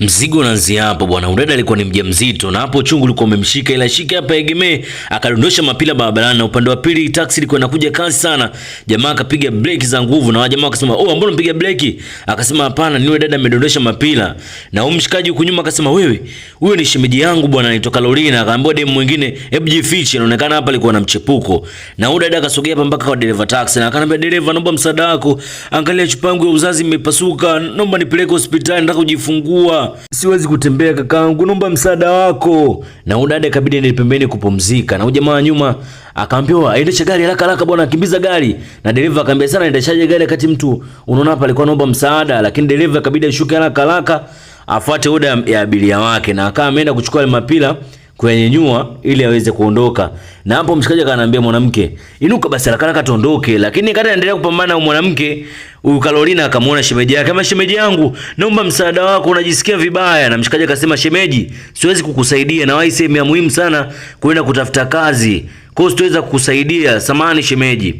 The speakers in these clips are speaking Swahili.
Mzigo unaanzia hapo bwana. Udada alikuwa ni mjamzito na hapo chungu ulikuwa umemshika, ila shika hapa egeme, akadondosha mapila barabarani, na upande wa pili taxi ilikuwa inakuja kasi sana. Jamaa akapiga breki za nguvu, na wajamaa wakasema, oh, mbona unapiga breki? Akasema hapana, ni yule dada amedondosha mapila. Na huyo mshikaji huko nyuma akasema, wewe huyo ni shemeji yangu bwana, anatoka Lorina." Akaambia demu mwingine, hebu jifiche, inaonekana hapa alikuwa na mchepuko. Na huyo dada akasogea hapa mpaka kwa dereva taxi na akanambia dereva, naomba msaada wako, angalia chupa yangu ya uzazi imepasuka, naomba nipeleke hospitali, nataka kujifungua siwezi kutembea kakaangu, naomba msaada wako. Na udada ikabidi ni pembeni kupumzika, na jamaa nyuma akaambiwa endesha gari haraka haraka bwana, akimbiza gari. Na dereva akaambia sana, endeshaje gari wakati mtu unaona hapa alikuwa anaomba msaada, lakini dereva ikabidi ashuke haraka haraka afuate oda ya abiria wake, na akaa ameenda kuchukua mapila kwenye nyua ili aweze kuondoka. Na hapo mshikaji akaanambia mwanamke, "Inuka basi haraka haraka tuondoke." Lakini kati anaendelea kupambana na mwanamke, huyu Carolina akamwona shemeji yake, "Kama shemeji yangu, naomba msaada wako, unajisikia vibaya." Na mshikaji akasema, "Shemeji, siwezi kukusaidia na wapi sehemu ya muhimu sana kwenda kutafuta kazi. Kwa hiyo sitaweza kukusaidia. Samahani shemeji."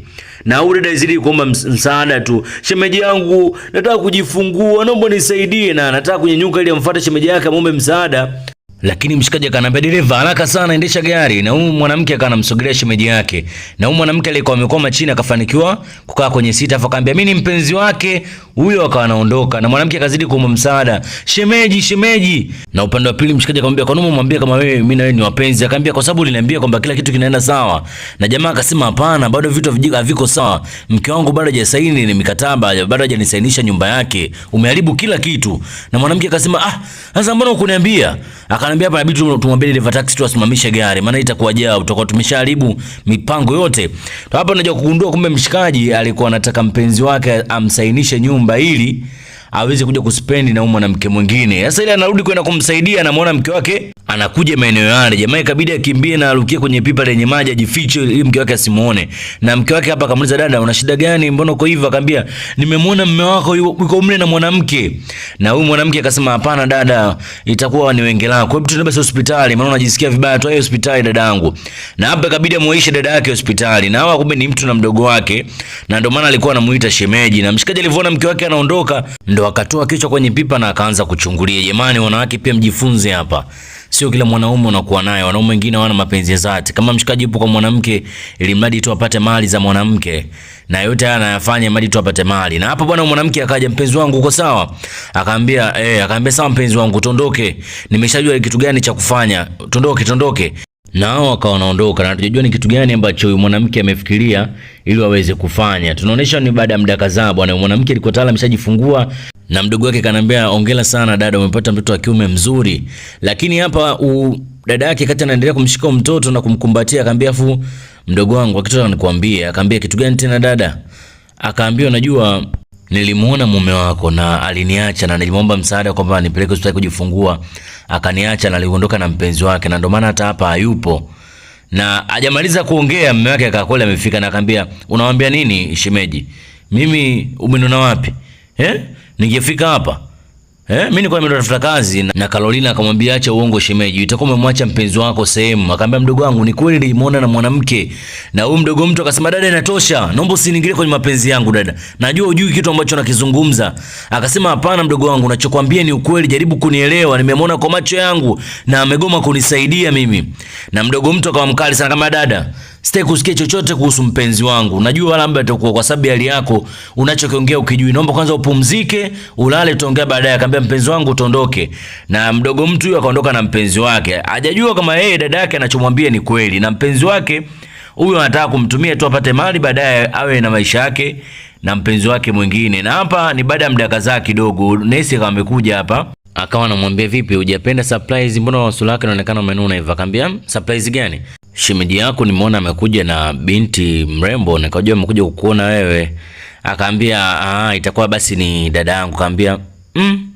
Na ule zidi kuomba msaada tu. Shemeji yangu, nataka kujifungua, naomba nisaidie na nataka kunyanyuka ili amfuate shemeji yake amuombe msaada. Lakini mshikaji akanambia dereva, haraka sana, endesha gari. Na huyu mwanamke akanamsogelea shemeji yake, na huyu mwanamke alikuwa amekoma chini, akafanikiwa kukaa kwenye sita, afa kaambia mimi ni mpenzi wake huyo akawa anaondoka na mwanamke akazidi kuomba msaada, shemeji, shemeji. Na upande wa pili mshikaji akamwambia, kwa nini umemwambia kama wewe mimi na wewe ni wapenzi? Akamwambia, kwa sababu uliniambia kwamba kila kitu kinaenda sawa. Na jamaa akasema, hapana, bado vitu haviko sawa. Mke wangu bado hajasaini ni mikataba, bado hajanisainisha nyumba yake. Umeharibu kila kitu. Na mwanamke akasema, ah, sasa mbona hukuniambia? Akanambia, hapa inabidi tumwambie dereva taxi tu asimamishe gari, maana itakuwa jaa, tutakuwa tumeshaharibu mipango yote. Hapa unaja kugundua kumbe mshikaji alikuwa anataka mpenzi wake amsainishe nyumba arobaini aweze kuja kuspendi na huyu mwanamke mwingine. Sasa ile anarudi kwenda kumsaidia, anamwona mke wake anakuja maeneo yale, jamaa ikabidi akimbie na arukie kwenye pipa lenye maji ajifiche, ili mke wake asimuone. Na mke wake hapa akamuuliza, dada, una shida gani? Mbona uko hivyo? Akamwambia, nimemwona mume wako yuko mle na mwanamke. Na huyu mwanamke akasema, hapana dada, itakuwa ni wenge lako, Kwa hiyo tunaenda basi hospitali, maana unajisikia vibaya tu, ayo hospitali dadangu. Na hapa ikabidi amuishe dada yake hospitali, na hawa kumbe ni mtu na mdogo wake, na ndio maana alikuwa anamuita shemeji. Na mshikaji alivyoona mke wake anaondoka, ndo akatoa kichwa kwenye pipa na akaanza kuchungulia. Jamani, wanawake pia mjifunze hapa sio kila mwanaume unakuwa naye. Wanaume wengine hawana mapenzi ya dhati. Kama mshikaji yupo kwa mwanamke, ili mradi tu apate mali za mwanamke, na yote haya anayafanya mradi tu apate mali. Na hapo bwana, mwanamke akaja, mpenzi wangu, uko sawa? Akaambia eh, akaambia sawa, mpenzi wangu, tondoke, nimeshajua kitu gani cha kufanya, tondoke, tondoke nao akawa wanaondoka na hatujajua ni kitu gani ambacho huyu mwanamke amefikiria ili waweze kufanya. Tunaonesha ni baada ya muda kadhaa, bwana mwanamke alikuwa tayari ameshajifungua na mdogo wake kanambia, ongela sana dada, umepata mtoto wa kiume mzuri. Lakini hapa u dada yake kati anaendelea kumshika mtoto na kumkumbatia, akamwambia afu mdogo wangu akitaka nikwambie. Akamwambia kitu gani tena dada? Akaambia, unajua nilimuona mume wako na aliniacha na nilimwomba msaada kwamba anipeleke hospitali kujifungua, akaniacha na aliondoka na mpenzi wake, na ndio maana hata hapa hayupo. Na hajamaliza kuongea mume wake akakola amefika na akamwambia, unawaambia nini shemeji? Mimi umenona wapi eh? nikifika hapa Eh, mimi nilikuwa nimetafuta kazi na na Carolina akamwambia acha uongo shemeji, utakuwa umemwacha mpenzi wako sehemu. Akamwambia mdogo wangu, ni kweli nilimuona na mwanamke. Na huyu mdogo mtu akasema, dada, inatosha. Naomba usiniingilie kwenye mapenzi yangu dada. Najua hujui kitu ambacho nakizungumza. Akasema, hapana mdogo wangu, nachokwambia ni ukweli, jaribu kunielewa. Nimemwona kwa macho yangu na amegoma kunisaidia mimi. Na mdogo mtu akawa mkali sana kama dada. Sitaki kusikia chochote kuhusu mpenzi wangu. Najua wala mbona atakuwa kwa sababu ya hali yako unachokiongea ukijui. Naomba kwanza upumzike, ulale, tutaongea baadaye. Akamwambia yule mpenzi wangu tuondoke. Na mdogo mtu huyo akaondoka na mpenzi wake, hajajua kama yeye dada yake anachomwambia ni kweli, na mpenzi wake huyo anataka kumtumia tu apate mali, baadaye awe na maisha yake na mpenzi wake mwingine. Na hapa ni baada ya muda kadhaa kidogo, Nesi akawa amekuja hapa akawa anamwambia vipi, hujapenda surprise? Mbona wasula yake inaonekana umenuna hivyo? Akamwambia surprise gani? Shemeji yako nimeona amekuja na binti mrembo, nikajua amekuja kukuona wewe. Akaambia ah, itakuwa basi ni dada yangu. Akaambia mm,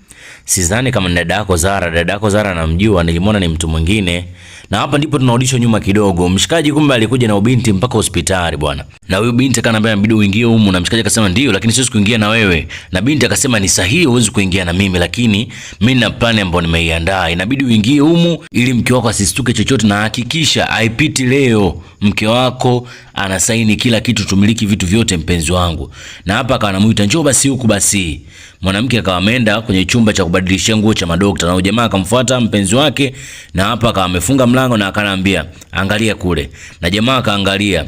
Sidhani kama ni dada yako Zara. Dada yako Zara namjua, nilimwona ni mtu mwingine na hapa ndipo tunarudishwa nyuma kidogo. Mshikaji kumbe alikuja na ubinti mpaka hospitali bwana. Na huyu binti akaniambia inabidi uingie humu, na mshikaji akasema ndio, lakini siwezi kuingia na wewe. Na binti akasema ni sahihi, huwezi kuingia na mimi, lakini mimi na plani ambayo nimeiandaa, inabidi uingie humu ili mke wako asistuke chochote, na hakikisha haipiti leo mke wako anasaini kila kitu, tumiliki vitu vyote, mpenzi wangu. Na hapa akawa anamuita njoo basi huku basi. Mwanamke akawa ameenda kwenye chumba cha kubadilishia nguo cha madokta, na jamaa akamfuata mpenzi wake, na hapa akawa amefunga mlango mlango na akaniambia angalia kule, na jamaa akaangalia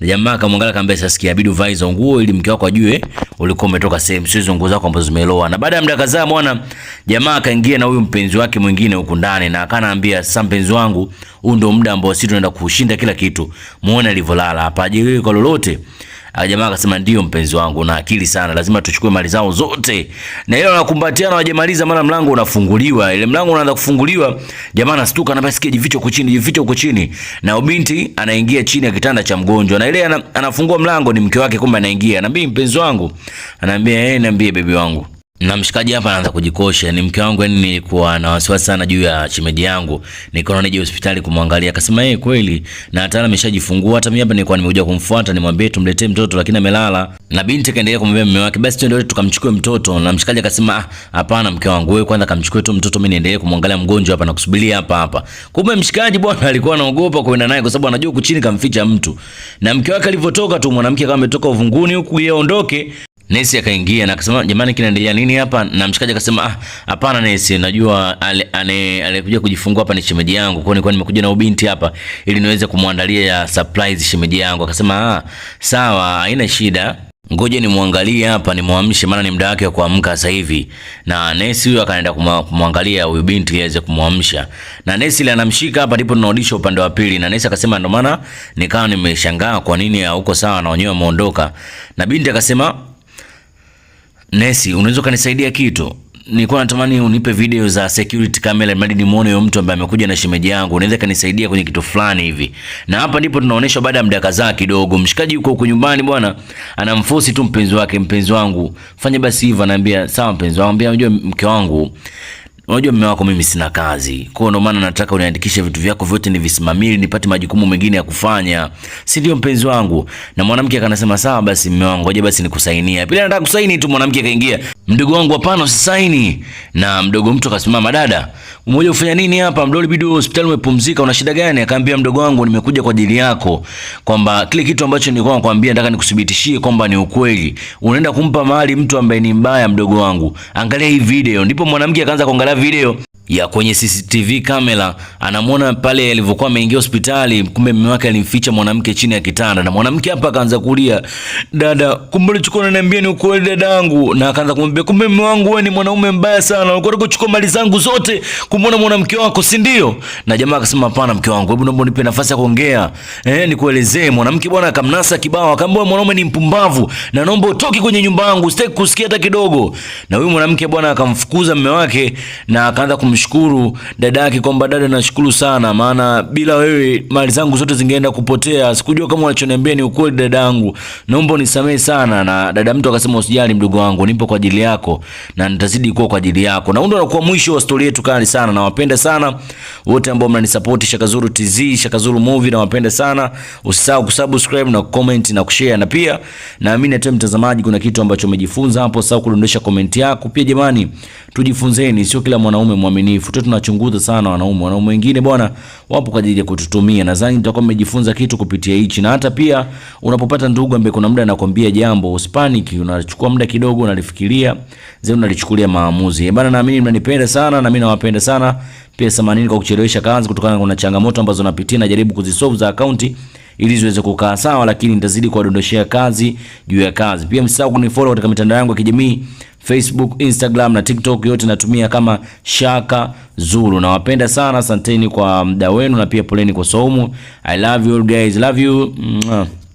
jamaa akamwangalia akamwambia, sasa sikia, bidu uvae hizo nguo ili mke wako ajue ulikuwa umetoka sehemu, sio hizo nguo zako ambazo zimeloa. Na baada ya muda kadhaa, mwana jamaa akaingia na huyu mpenzi wake mwingine huko ndani, na akanaambia, sasa mpenzi wangu, huu ndio muda ambao sisi tunaenda kushinda kila kitu, muone alivyolala hapa, ajiwe kwa lolote Ah, jamaa akasema ndio mpenzi wangu, na akili sana, lazima tuchukue mali zao zote. Na ile wanakumbatiana, wajamaliza, mara mlango unafunguliwa. Ile mlango unaanza kufunguliwa, jamaa anastuka na basi kijificho huko chini, jificho huko chini. Na binti anaingia chini ya kitanda cha mgonjwa. Na ile anafungua mlango ni mke wake, kumbe anaingia. anambia mpenzi wangu, anambia yeye, eh, anambia bibi wangu. Na mshikaji hapa anaanza kujikosha, ni mke wangu, yani nilikuwa na wasiwasi sana juu ya chimeji yangu, nikaona nije hospitali kumwangalia. Akasema yeye eh, kweli na hata ameshajifungua, hata mimi hapa nilikuwa nimekuja kumfuata nimwambie tumletee mtoto, lakini amelala. Na binti kaendelea kumwambia mume wake, basi twende tukamchukue mtoto. Na mshikaji akasema ah, hapana mke wangu, wewe kwanza kamchukue tu mtoto, mimi niendelee kumwangalia mgonjwa hapa na kusubiria hapa hapa. Kumbe mshikaji bwana alikuwa anaogopa kwenda naye kwa sababu anajua kuchini kamficha mtu. Na mke wake alivyotoka tu, mwanamke kama ametoka uvunguni huku, yeye aondoke, Nesi akaingia na akasema, jamani, kinaendelea nini hapa? Na mshikaji akasema, ah, hapana Nesi, najua alikuja kujifungua hapa ni shemeji yangu, kwa nini nimekuja na ubinti hapa ili niweze kumwandalia ya surprise shemeji yangu. Akasema, ah, sawa, haina shida ngoja nimwangalie hapa nimwamshe, maana ni muda wake wa kuamka sasa hivi. Na nesi huyo akaenda kumwangalia huyu binti aweze kumwamsha, na nesi ile anamshika hapa, ndipo tunarudisha upande wa pili. Na nesi akasema, ndio maana nikawa nimeshangaa kwa nini hauko sawa na wenyewe wameondoka. Na binti akasema Nesi, unaweza ukanisaidia kitu? Nilikuwa natamani unipe video za security camera, mradi nimuone huyo mtu ambaye amekuja na shemeji yangu, unaweza kanisaidia kwenye kitu fulani hivi. Na hapa ndipo tunaonyeshwa baada ya muda kadhaa kidogo, mshikaji yuko huko nyumbani bwana, anamfosi tu mpenzi wake, mpenzi wangu fanya basi hivi, anaambia sawa mpenzi wangu, anambia unajua mke wangu unajua mume wako, mimi sina kazi, kwa hiyo ndio maana nataka uniandikishe vitu vyako vyote nivisimamili, nipate majukumu mengine ya kufanya, si ndio mpenzi wangu? Na mwanamke akanasema sawa basi, mume wangu, ngoja basi nikusainia. Bila nataka kusaini tu, mwanamke akaingia, mdogo wangu, hapana, usisaini. Na mdogo mtu akasimama, dada, umoja ufanya nini hapa? Mdoli bidu hospitali, umepumzika, una shida gani? Akaambia, mdogo wangu, nimekuja kwa ajili yako, kwamba kile kitu ambacho nilikuwa nakwambia nataka nikuthibitishie kwamba ni ukweli. Unaenda kumpa mali mtu ambaye ni mbaya, mdogo wangu, angalia hii video. Ndipo mwanamke akaanza kuangalia video ya kwenye CCTV kamera anamwona pale alivyokuwa ameingia hospitali, kumbe mume wake alimficha mwanamke chini ya kitanda, na mwanamke hapa akaanza kulia, dada, kumbe ulichukua unaniambia ni ukweli dadangu. Na akaanza kumwambia, kumbe mume wangu wewe ni mwanaume mbaya sana, ulikuwa unachukua mali zangu zote kumwona mwanamke wako, si ndio? Na jamaa akasema, hapana mke wangu, hebu naomba unipe nafasi ya kuongea, eh, nikuelezee. Mwanamke bwana akamnasa kibao, akamwambia mwanaume ni mpumbavu na naomba utoke kwenye nyumba yangu, sitaki kusikia hata kidogo. Na huyu mwanamke bwana akamfukuza mume wake na akaanza kum kumshukuru dada yake kwamba dada, nashukuru sana, maana bila wewe mali zangu zote zingeenda kupotea. Sikujua kama unachoniambia ni ukweli, dada yangu, naomba unisamehe sana. Na dada mtu akasema, usijali mdogo wangu, nipo kwa ajili yako na nitazidi kuwa kwa ajili yako. Na ndio anakuwa mwisho wa story yetu kali sana. Nawapenda sana wote ambao mnanisupport Shakazuru TZ, Shakazuru movie, nawapenda sana. Usisahau kusubscribe na kucomment na kushare, na pia naamini hata mtazamaji kuna kitu ambacho umejifunza hapo. Usisahau kudondosha comment yako pia. Jamani, tujifunzeni, sio kila mwanaume mwamini uaminifu. Tu tunachunguza sana wanaume, wanaume wengine bwana wapo kwa ajili ya kututumia. Nadhani mtakuwa mmejifunza kitu kupitia hichi, na hata pia unapopata ndugu ambaye kuna muda anakwambia jambo usipanic, unachukua muda kidogo, unalifikiria zenu, unalichukulia maamuzi. E eh, bana, naamini mnanipenda sana na mimi nawapenda sana pia. Samahani kwa kuchelewesha kazi kutokana na changamoto ambazo napitia, najaribu kuzisolve za akaunti ili ziweze kukaa sawa, lakini nitazidi kuwadondoshea kazi juu ya kazi. Pia msisahau kunifollow katika mitandao yangu ya kijamii Facebook, Instagram na TikTok, yote natumia kama Shaka Zuru. Nawapenda sana, asanteni kwa muda wenu na pia poleni kwa saumu. I love you all guys, love you.